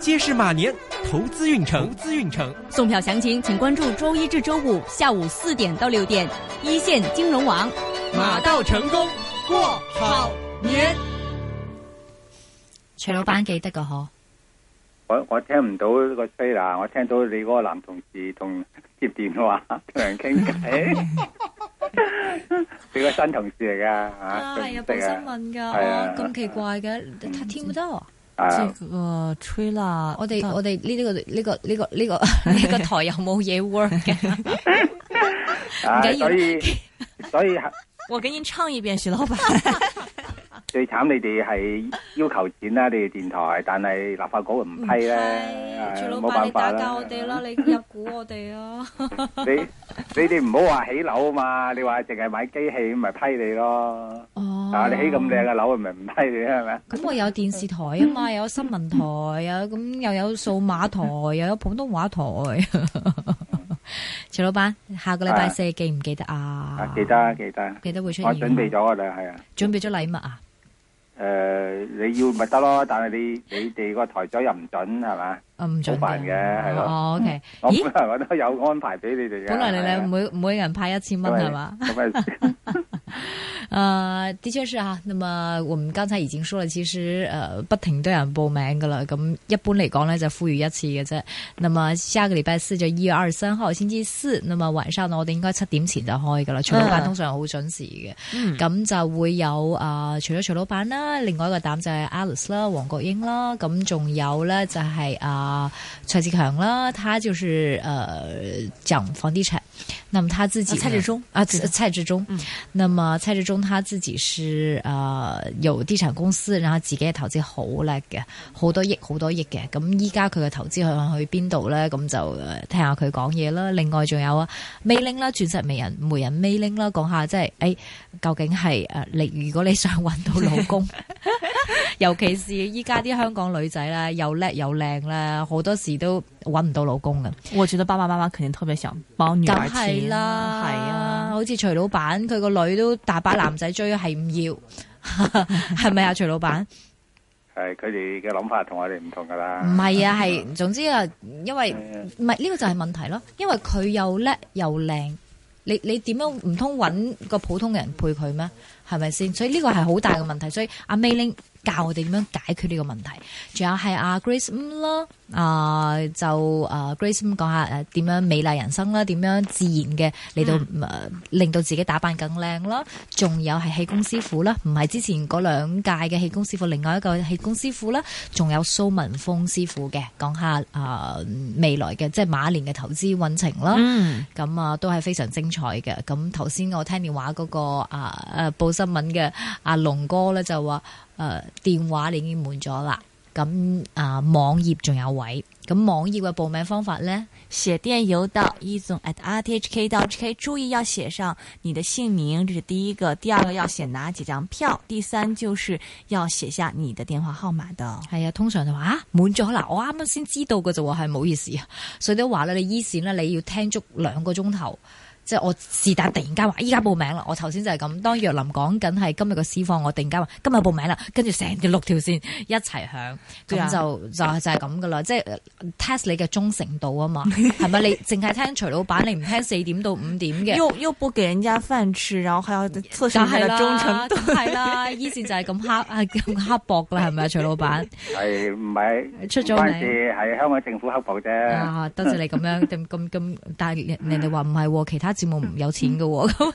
皆是馬年投資運程，資運程。送票詳情請關注周一至周五下午四點到六點一線金融網。馬到成功，過好年。徐老闆記得噶嗬？我我聽唔到個吹啦，我聽到你嗰個男同事同接電話同人傾偈，你 個新同事嚟噶？啊，係啊，報新聞噶，哦、嗯，咁奇怪嘅，聽唔到。啊這個吹啦，我哋我哋呢呢個呢個呢個呢個台又冇嘢 work 嘅，唔緊要，所以我給您唱一遍徐老闆。最慘你哋係要求錢啦，你哋電台，但係立法局唔批啦，冇辦法啦，徐老闆你打交我哋啦，你入股我哋咯。你你哋唔好話起樓啊嘛，你話淨係買機器咪批你咯。哦，你起咁靚嘅樓咪唔批你係咪？咁我有電視台啊嘛，有新聞台啊，咁又有數碼台，又有普通話台。徐老闆，下個禮拜四記唔記得啊？記得記得，記得會出。我準備咗啦，係啊，準備咗禮物啊。誒、呃，你要咪得咯，但係你你哋個台長又唔准，係嘛？唔、啊、準定嘅，好哦，哦，O、okay、K，咦，本來我都有安排俾你哋嘅。本來你哋的每每人派一千蚊係嘛？咁啊，的確係啊。那麼我們剛才已經說了，其實誒、呃、不停都有人報名噶啦。咁一般嚟講呢就呼籲一次嘅啫。那麼下個禮拜四就一月二十三號星期四，那麼晚上我哋應該七點前就開噶啦。徐老闆通常好準時嘅，咁、嗯、就會有誒、呃、除咗徐老闆啦，另外一個膽就係 Alice 啦、黃國英啦，咁仲有呢就係、是、啊。呃啊，蔡志強啦，他就是，誒、呃，講房地產，那麼他自己、啊，蔡志忠，啊，蔡蔡志忠，嗯、那麼蔡志忠他自己是，誒、呃，由地產公司，然後自己嘅投資好叻嘅，好多億，好多億嘅，咁依家佢嘅投資去去邊度咧？咁就、呃、聽下佢講嘢啦。另外仲有啊，美玲啦，鑽石美人媒人美玲啦，講下即係，誒、欸，究竟係誒，你、呃、如果你想搵到老公？ 尤其是依家啲香港女仔啦， 又叻又靚啦，好多時都搵唔到老公㗎。我覺得爸爸媽媽肯定特別想幫女仔，啊。係啦，係啊，好似徐老闆，佢個女都大把男仔追，係唔要，係 咪啊？徐老闆？係，佢哋嘅諗法同，同我哋唔同噶啦。唔係啊，係 總之啊，因為唔係呢個就係問題咯。因為佢又叻又靚，你你點樣唔通搵個普通嘅人配佢咩？係咪先？所以呢個係好大嘅問題。所以阿，啊、May 教我哋點樣解決呢個問題，仲有係阿、啊 Gr 嗯呃呃、Grace M 啦，啊就誒 Grace M 講下誒點樣美麗人生啦，點樣自然嘅嚟到誒、嗯、令到自己打扮更靚啦。仲有係氣功師傅啦，唔係之前嗰兩屆嘅氣功師傅，另外一個氣功師傅啦。仲有蘇文峰師傅嘅講下誒、呃、未來嘅即係馬年嘅投資運程啦。咁啊、嗯、都係非常精彩嘅。咁頭先我聽電話嗰、那個啊誒報新聞嘅阿龍哥咧就話。誒、呃，電話你已經滿咗啦，咁、嗯、啊網頁仲有位，咁、嗯、網頁嘅報名方法咧，寫電郵到得，e-z at rthk. dot hk，注意要寫上你的姓名，這是第一個，第二個要寫哪幾張票，第三就是要寫下你的電話號碼的。的係啊，通常就話啊滿咗啦，我啱啱先知道嘅就話係，唔好意思啊，所以都話咧，你依線咧你要聽足兩個鐘頭。即係我是但突然間話依家報名啦，我頭先就係咁。當若琳講緊係今日個市況，我突然間話今日報名啦，跟住成條六條線一齊響，咁、啊、就就就係咁噶啦。即係 test 你嘅忠誠度啊嘛，係咪 你淨係聽徐老闆，你唔聽四點到五點嘅？要要 b o o 家嘅人家 fans，然後係出咗忠誠度係啦，於 是就係咁刻係咁 刻薄啦，係咪啊？徐老闆係唔係出咗係係香港政府刻薄啫。多謝，謝你咁樣咁咁 但係人哋話唔係其他。節目唔有錢噶，咁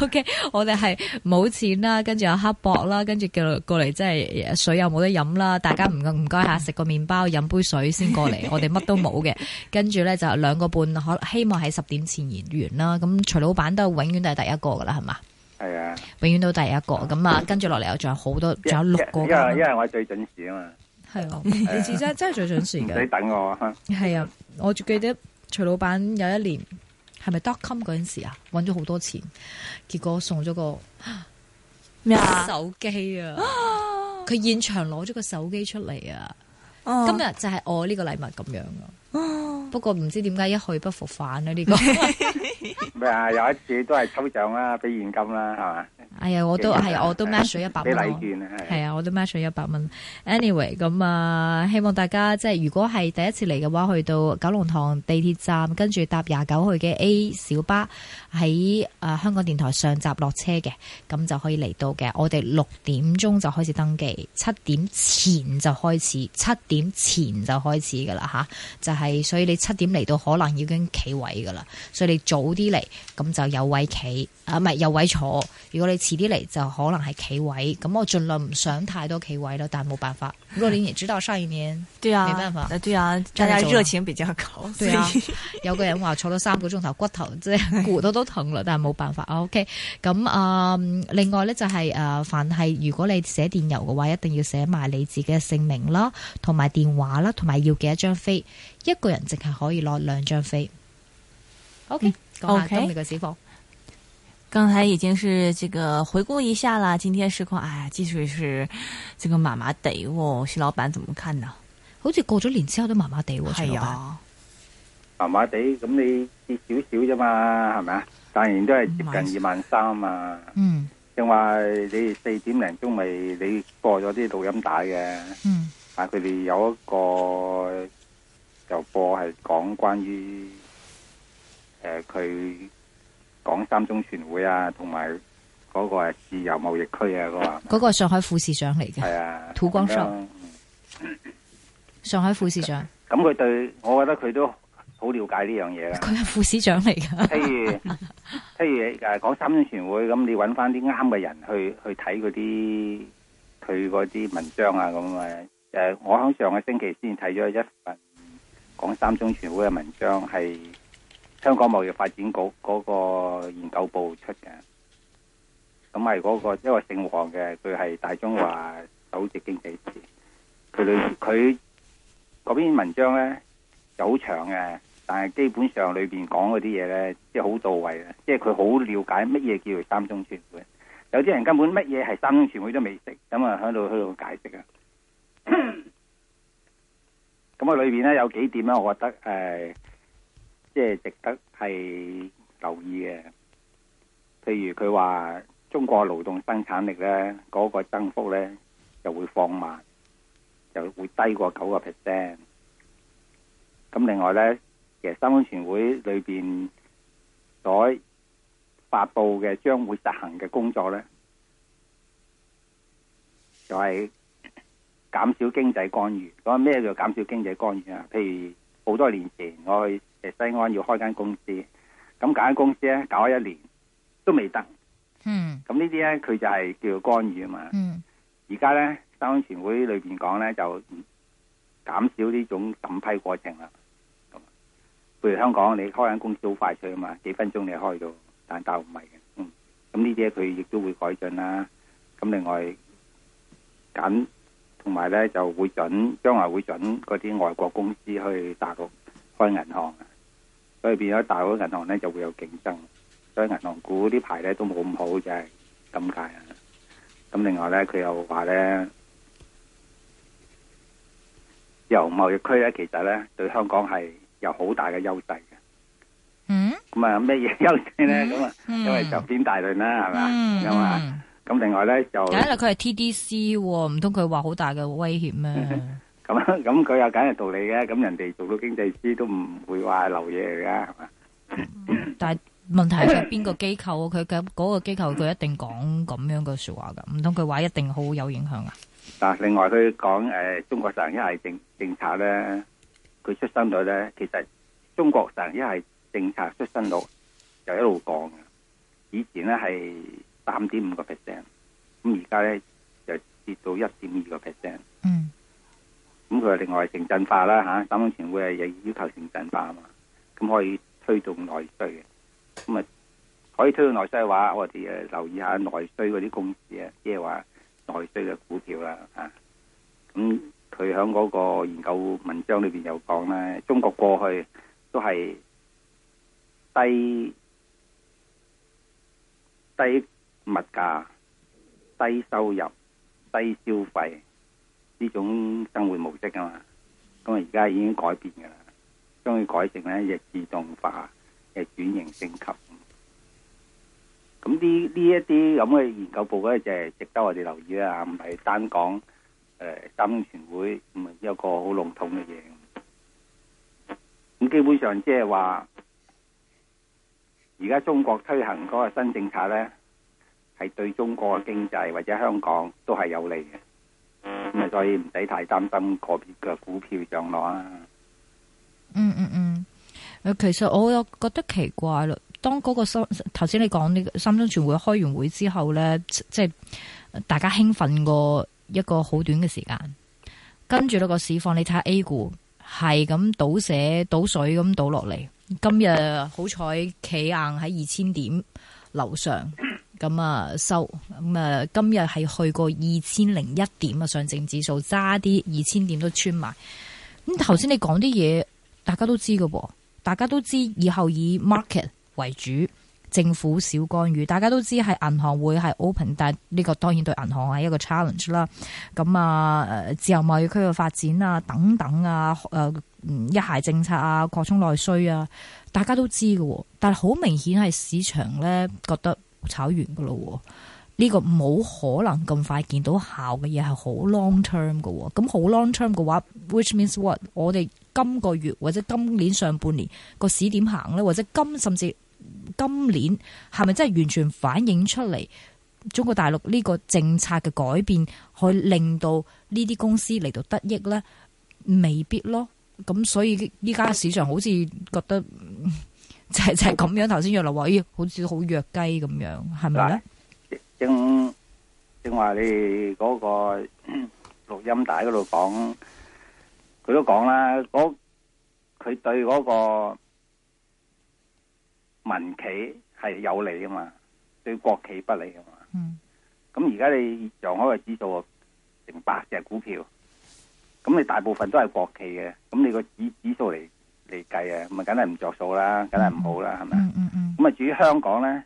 OK，我哋係冇錢啦，跟住又黑薄啦，跟住叫過嚟，真係水又冇得飲啦。大家唔唔該下食個麵包，飲杯水先過嚟。我哋乜都冇嘅，跟住咧就兩個半，可希望喺十點前完完啦。咁徐老闆都永遠都係第一個噶啦，係嘛？係是啊，永遠都第一個咁是啊,啊。跟住落嚟又仲有好多，仲有六個。因為因為我係最準時啊嘛，係 啊，是啊你真真係最準時嘅，唔使等我、啊。係 啊，我記得。徐老闆有一年係咪 dotcom 嗰陣時啊，搵咗好多錢，結果送咗個咩啊手機啊，佢現場攞咗個手機出嚟啊，今日就係我呢個禮物咁樣噶，啊、不過唔知點解一去不復返呢。呢、這個咩 啊，有一次都係抽獎啦，俾現金啦，係嘛。哎呀，我都係，我都 match 咗一百蚊。啲係啊，我都 match 咗一百蚊。Anyway，咁、嗯、啊，希望大家即係如果係第一次嚟嘅話，去到九龍塘地鐵站，跟住搭廿九去嘅 A 小巴喺、呃、香港電台上閘落車嘅，咁就可以嚟到嘅。我哋六點鐘就開始登記，七點前就開始，七點前就開始㗎喇。吓、啊，就係、是、所以你七點嚟到，可能已經企位㗎喇。所以你早啲嚟，咁就有位企。啊，唔係有位坐。如果你遲啲嚟，就可能係企位。咁我盡量唔想太多企位咯，但係冇辦法。如果你知道上生意，你冇、啊、辦法。啊，對啊，啊大家熱情比較高。對啊，有個人話坐咗三個鐘頭，骨頭即係、就是、骨頭都痛啦，對，但係冇辦法。OK，咁啊、嗯，另外咧就係、是、誒，凡係如果你寫電郵嘅話，一定要寫埋你自己嘅姓名啦，同埋電話啦，同埋要幾多張飛。一個人淨係可以攞兩張飛。OK，嗯 okay? 講下今日嘅市況。剛才已經是這個回顧一下啦，今天市況哎，呀，繼續是這個麻麻地哦，徐老闆怎麼看呢？好似過咗年之後都麻麻地哦，徐老闆。係啊。麻麻地，咁你跌少少啫嘛，係咪啊？當然都係接近二萬三嘛。嗯。另外、嗯，你四點零鐘咪你播咗啲錄音帶嘅。嗯。但佢哋有一個，就播係講關於，誒、呃，佢。講三中全會啊，同埋嗰個係自由貿易區啊，嗰、嗰個係係。嗰個上海副市長嚟嘅。係啊。屠光紹。後上海副市長。咁佢對，我覺得佢都好了解呢樣嘢啦。佢係副市長嚟噶。譬如譬 如誒，講三中全會，咁你搵翻啲啱嘅人去去睇嗰啲佢嗰啲文章啊，咁啊，誒，我喺上個星期先睇咗一份講三中全會嘅文章係。香港貿易發展局嗰個研究部出嘅，那個，咁係嗰個一個姓黃嘅，佢係大中華首席經濟師。佢，佢嗰篇文章咧就好長嘅，但係基本上裏邊講嗰啲嘢咧，即係好到位嘅，即係佢好了解乜嘢叫做三中全會。有啲人根本乜嘢係三中全會都未識，咁啊喺度喺度解釋啊。咁啊， 裏邊咧有幾點咧，我覺得誒。呃即係值得係留意嘅，譬如佢話中國勞動生產力咧，嗰個增幅咧就會放慢，就會低過九個 percent。咁另外咧，其實三中全會裏邊所發佈嘅將會實行嘅工作咧，就係減少經濟干預。咁咩叫減少經濟干預啊？譬如。好多年前我去誒西安要開一間公司，咁間公司咧搞咗一年都未得，嗯，咁呢啲咧佢就係叫做干預啊嘛，嗯，而家咧三中全會裏邊講咧就減少呢種審批過程啦，譬如香港你開一間公司好快脆啊嘛，幾分鐘你開到，但但唔係嘅，嗯，咁呢啲咧佢亦都會改進啦，咁另外緊。同埋咧就會准，將來會准嗰啲外國公司去大陸開銀行，所以變咗大陸銀行咧就會有競爭，所以銀行股呢排咧都冇咁好，就係咁解啊！咁另外咧佢又話咧，由貿易區咧其實咧對香港係有好大嘅優勢嘅。嗯。咁啊咩嘢優勢咧？咁啊，因為就邊大論啦，係嘛？嗯。嗯嗯咁另外咧就，簡直佢係 TDC 喎，唔通佢話好大嘅威脅咩？咁咁佢有簡直道理嘅，咁人哋做到經濟師都唔會話係流嘢嚟嘅。但係問題係邊個機構？佢嘅嗰個機構佢一定講咁樣嘅説話㗎，唔通佢話一定好有影響啊？嗱，另外佢講誒中國人一係政政策咧，佢出生率咧，其實中國人一係政策出生率就一路降嘅，以前咧係。三點五個 percent，咁而家咧就跌到一點二個 percent。嗯，咁佢話另外城鎮化啦吓，啊，三中全會亦要求城鎮化啊嘛，咁可以推動內需嘅，咁啊可以推動內需嘅話，我哋誒，啊、留意下內需嗰啲公司啊，即係話內需嘅股票啦，啊、吓。咁佢喺嗰個研究文章裏邊又講咧，中國過去都係低低，低物價低收入低消費呢種生活模式啊嘛，咁啊而家已經改變㗎喇，將佢改成呢隻自動化嘅轉型升級。咁呢呢一啲咁嘅研究報告咧，就係、是、值得我哋留意啦啊！唔係單講誒、呃、三全會，唔係一個好籠統嘅嘢。咁基本上即係話，而家中國推行嗰個新政策咧。係對中國嘅經濟或者香港都係有利嘅，咁所以唔使太擔心個別嘅股票上落啊、嗯。嗯嗯嗯，其實我又覺得奇怪咯。當嗰、嗰個。三頭先，你講呢個三中全會開完會之後呢，即係大家興奮過一個好短嘅時間，跟住呢個市況，你睇下 A 股係咁倒瀉、倒水咁倒落嚟。今日好彩企硬喺二千點樓上。咁啊，收咁啊，今日係去過二千零一點啊，上證指數揸啲二千點都穿埋。咁頭先你講啲嘢，大家都知噶大家都知以後以 market 為主，政府少干預，大家都知係銀行會係 open，但呢個當然對銀行係一個 challenge 啦。咁啊，自由貿易區嘅發展啊，等等啊，誒，一孩政策啊，擴充內需啊，大家都知噶但係好明顯係市場咧覺得。炒完噶咯，呢個冇可能咁快見到效嘅嘢係好 long term 噶。咁好 long term 嘅話，which means what？我哋今個月或者今年上半年個市點行呢？或者今甚至今年係咪真係完全反映出嚟中國大陸呢個政策嘅改變，去令到呢啲公司嚟到得益呢？未必咯。咁所以依家市場好似覺得。就就咁樣頭先約落話，咦，好似好弱雞咁樣，係咪咧？正正話你嗰個錄音帶嗰度講，佢都講啦，我佢對嗰個民企係有利噶嘛，對國企不利噶嘛。嗯。咁而家你上海嘅指數成百隻股票，咁你大部分都係國企嘅，咁你個指指數嚟？嚟計啊，咁啊，梗係唔着數啦，梗係唔好啦，係咪？咁啊，至於香港咧，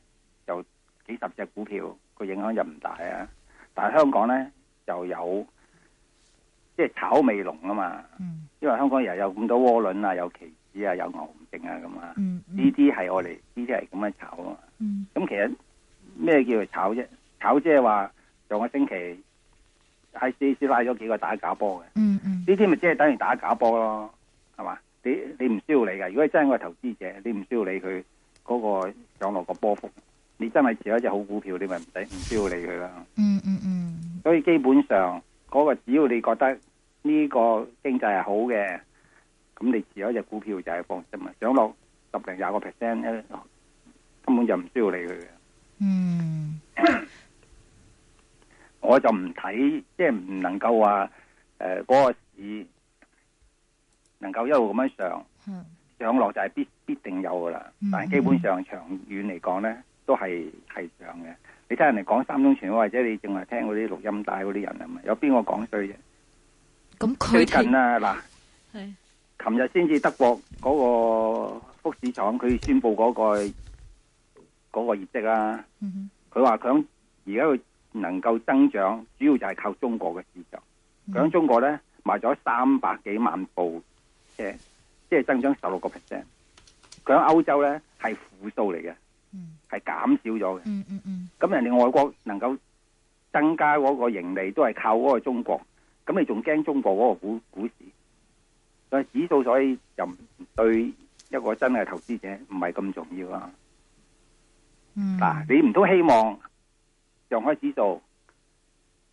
就幾十隻股票，個影響又唔大啊。但係香港咧，就有即係、就是、炒味濃啊嘛。Mm. 因為香港又有咁多渦輪啊，有期指啊，有牛證啊，咁啊、mm, mm.。呢啲係我哋呢啲係咁樣炒啊嘛。咁、mm. 其實咩叫做炒啫？炒即係話，上個星期喺 C A C 拉咗幾個打假波嘅。呢啲咪即係等於打假波咯，係嘛？你你唔需要理㗎，如果你真係個投資者，你唔需要理佢嗰個上落個波幅。你真係持有一隻好股票，你咪唔使唔需要理佢啦。嗯嗯嗯。Hmm. 所以基本上嗰、嗰個，只要你覺得呢個經濟係好嘅，咁你持有一隻股票就係放心。咪上落十零廿個 percent，根本就唔需要理佢嘅。嗯、mm。Hmm. 我就唔睇，即係唔能夠話誒嗰個市。能夠一路咁樣上上落就係必必定有噶啦，mm hmm. 但係基本上長遠嚟講咧，都係係上嘅。你聽人哋講三中全會，或者你淨係聽嗰啲錄音帶嗰啲人係咪？有邊個講衰啫？咁、嗯、最近啊嗱，琴日先至德國嗰個福士廠，佢宣布嗰個嗰個業績啦。佢話佢而家佢能夠增長，主要就係靠中國嘅市場。響、mm hmm. 中國咧賣咗三百幾萬部。誒，即係增長十六個 percent，佢喺歐洲咧係負數嚟嘅，係減、嗯、少咗嘅。咁、嗯嗯嗯、人哋外國能夠增加嗰個盈利，都係靠嗰個中國。咁你仲驚中國嗰個股股市？所以指數所以就對一個真係投資者唔係咁重要啊。嗱、嗯啊，你唔通希望上海指數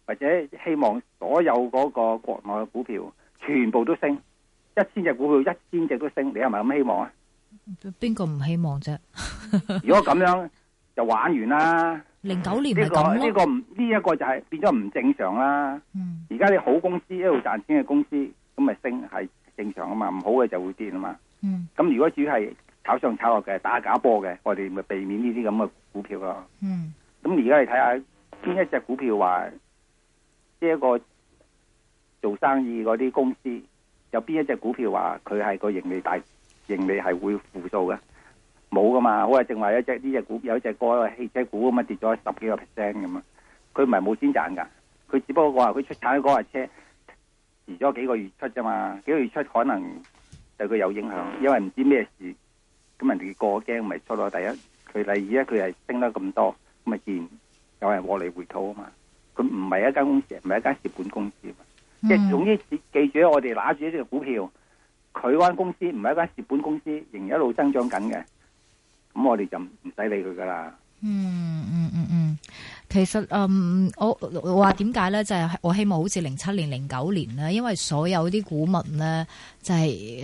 或者希望所有嗰個國內嘅股票全部都升？一千隻股票，一千隻都升，你係咪咁希望啊？邊個唔希望啫？ 如果咁樣就玩完啦。零九年係咁呢、呢個呢、呢個唔呢一個就係變咗唔正常啦。而家啲好公司一路賺錢嘅公司，咁咪升係正常啊嘛？唔好嘅就會跌啊嘛。咁、嗯、如果主要係炒上炒落嘅打假波嘅，我哋咪避免呢啲咁嘅股票咯。咁而家你睇下邊一隻股票話，呢、呢、一個做生意嗰啲公司。有邊一隻股票話佢係個盈利，大盈利係會負數嘅？冇噶嘛？好啊，正話有一隻呢隻股，有一隻個汽車股咁啊，跌咗十幾個 percent 咁啊，佢唔係冇錢賺噶，佢只不過話佢出產嗰架車遲咗幾個月出啫嘛，幾個月出可能對佢有影響，因為唔知咩事，咁人哋過驚咪出咗第一，佢第二，佢係升得咁多咁啊，自然有人獲利回吐啊嘛，佢唔係一間公司，唔係一間蝕本公司。即係、嗯、總之記住，我哋拿住呢隻股票，佢間公司唔係一間蝕本公司，仍然一路增長緊嘅。咁我哋就唔使理佢噶啦。嗯嗯嗯嗯，其實誒、嗯，我我話點解咧，就係、是、我希望好似零七年、零九年啦，因為所有啲股民咧，就係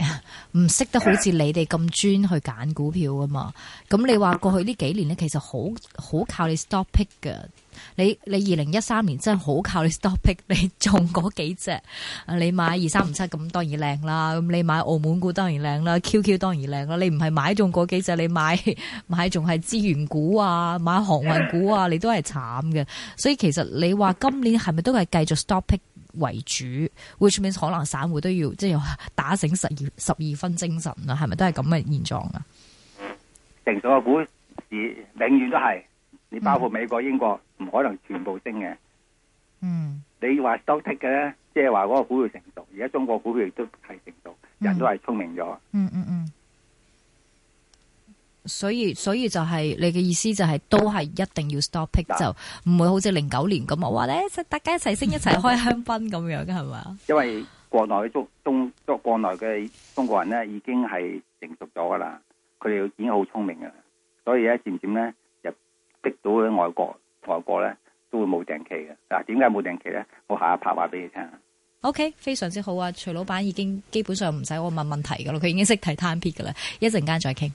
唔識得好似你哋咁專去揀股票噶嘛。咁你話過去呢幾年咧，其實好好靠你 stop pick 㗎。你你二零一三年真係好靠你 stop pick 你中嗰幾隻啊，你買二三五七咁當然靚啦，咁你買澳門股當然靚啦 QQ 當然靚啦。你唔係買中嗰幾隻，你買買仲係資源股啊，買航運股啊，你都係慘嘅。所以其實你話今年係咪都係繼續 stop pick 為主，which means 可能散戶都要即係、要、打醒十二十二分精神啊。係咪都係咁嘅現狀啊？成個股市永遠都係你，包括美國英國。嗯唔可能全部升嘅，嗯，你話 stop take 嘅咧，即係話嗰個股票成熟。而家中國股票亦都係成熟，人都係聰明咗。嗯嗯嗯，所以所以就係你嘅意思就係都係一定要 stop take，就唔會好似零九年咁，我話咧，即係大家一齊升一齊開香檳咁樣，係嘛？因為國內嘅中東即係國內嘅中國人咧，已經係成熟咗噶啦，佢哋已經好聰明噶啦，所以咧漸漸咧又逼到啲外國。外咧都會冇定期嘅。嗱，點解冇定期咧？我下一拍話俾你聽啊。OK，非常之好啊，徐老闆已經基本上唔使我問問題噶啦，佢已經識睇攤片噶啦，一陣間再傾。